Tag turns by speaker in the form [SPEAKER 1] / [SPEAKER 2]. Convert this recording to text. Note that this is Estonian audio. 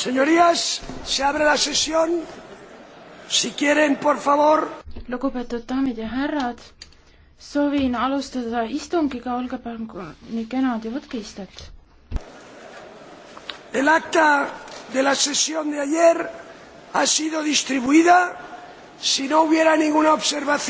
[SPEAKER 1] Señorías, se abre la sesión. Si quieren, por favor.
[SPEAKER 2] lugupeetud daamid ja härrad, soovin alustada istungiga, olge palun nii kenad ja võtke istet.
[SPEAKER 3] El acta
[SPEAKER 1] de la sesión de ayer ha sido distribuida. Si no hubiera
[SPEAKER 4] ninguna observación.